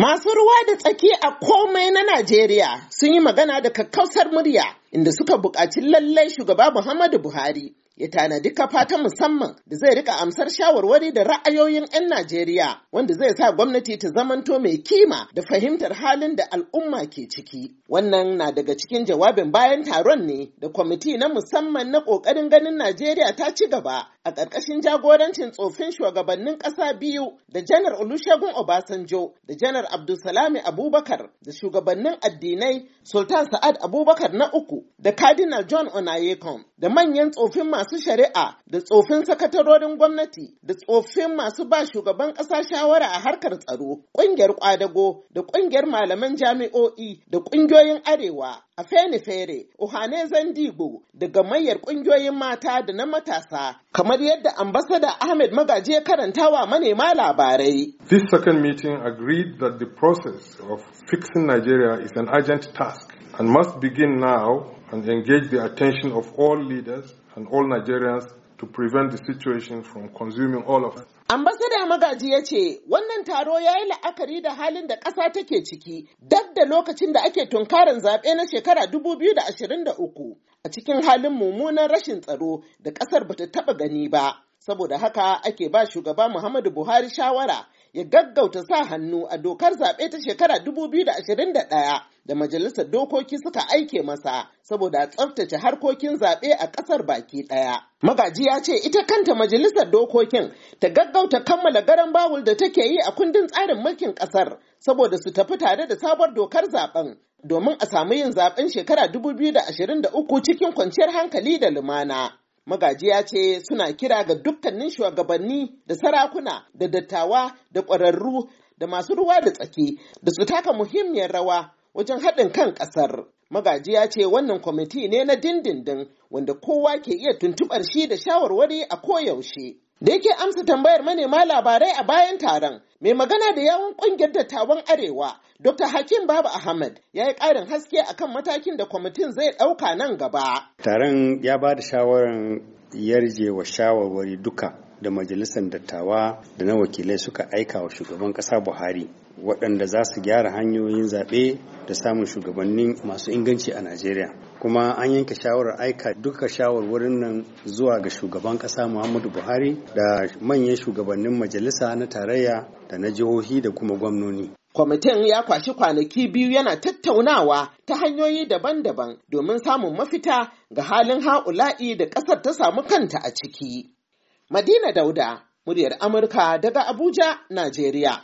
Masu ruwa da tsaki a komai na Najeriya sun yi magana da kakkausar murya inda suka buƙaci lallai shugaba Muhammadu Buhari ya tanadi kafa ta musamman da zai rika amsar shawarwari da ra'ayoyin 'yan Najeriya wanda zai sa gwamnati ta zamanto mai kima da fahimtar halin da al'umma ke ciki. Wannan na daga cikin jawabin bayan taron ne da kwamiti na musamman na ƙoƙarin ganin Najeriya ta ci gaba a ƙarƙashin jagorancin tsofin shugabannin ƙasa biyu da Janar Olusegun Obasanjo da Janar Abdulsalami Abubakar da shugabannin addinai Sultan Sa'ad Abubakar na uku da Cardinal John Onayekon da manyan tsofin masu shari'a da tsofin sakatarorin gwamnati da tsofin masu ba shugaban ƙasa shawara a harkar tsaro, ƙungiyar ƙwadago da ƙungiyar malaman jami'o'i da ƙungiyoyin arewa a fere-fere, Ohane Zandigo da gamayyar ƙungiyoyin mata da na matasa, kamar yadda ambasada Ahmed Magaji ya karanta wa manema labarai. This second meeting agreed that the process of fixing Nigeria is an urgent task and must begin now and engage the attention of all leaders and all Nigerians to prevent the situation from consuming all of us. Ambasada Magaji ya ce wannan taro ya yi la'akari da halin da ƙasa take ciki dab da lokacin da ake tunkarin zaɓe na shekara 2023 a cikin halin mummunan rashin tsaro da ƙasar bata taɓa gani ba. saboda haka ake ba shugaba Muhammadu Buhari shawara ya gaggauta sa hannu a dokar zaɓe ta shekara 2021 da majalisar dokoki suka aike masa saboda tsaftace harkokin zaɓe a ƙasar baki ɗaya. Magaji ya ce ita kanta majalisar dokokin ta gaggauta kammala garan bawul da take yi a kundin tsarin mulkin ƙasar saboda su tafi tare da sabuwar dokar zaɓen domin a samu yin zaɓen shekara 2023 cikin kwanciyar hankali da lumana. Magajiya ce suna kira ga dukkanin shugabanni da sarakuna da dattawa da ƙwararru da masu ruwa da tsaki da su taka muhimmiyar rawa wajen haɗin kan ƙasar. Magaji ya ce wannan kwamiti ne na dindindin wanda kowa ke iya tuntuɓar shi da shawarwari a koyaushe. Da yake amsa tambayar manema labarai a bayan taron, mai magana da yawon ƙungiyar dattawan Arewa, Dr. Hakim Baba Ahmad ya yi ƙarin haske akan matakin da kwamitin zai ɗauka nan gaba. Taron ya ba da shawarar yarje wa shawarwari duka da majalisar dattawa da na wakilai suka aika wa shugaban ƙasa Buhari waɗanda za su gyara hanyoyin zaɓe da samun shugabannin masu inganci a Najeriya. Kuma an yanke shawarar aika duka shawarwarin nan zuwa ga shugaban ƙasa Muhammadu Buhari da manyan shugabannin majalisa na tarayya da na jihohi da kuma gwamnoni. Kwamitin ya kwashi kwanaki biyu yana tattaunawa ta hanyoyi daban-daban domin samun mafita ga halin ha'ula'i da ƙasar ta samu kanta a ciki. Madina Dauda, muryar Amurka daga Abuja, Najeriya.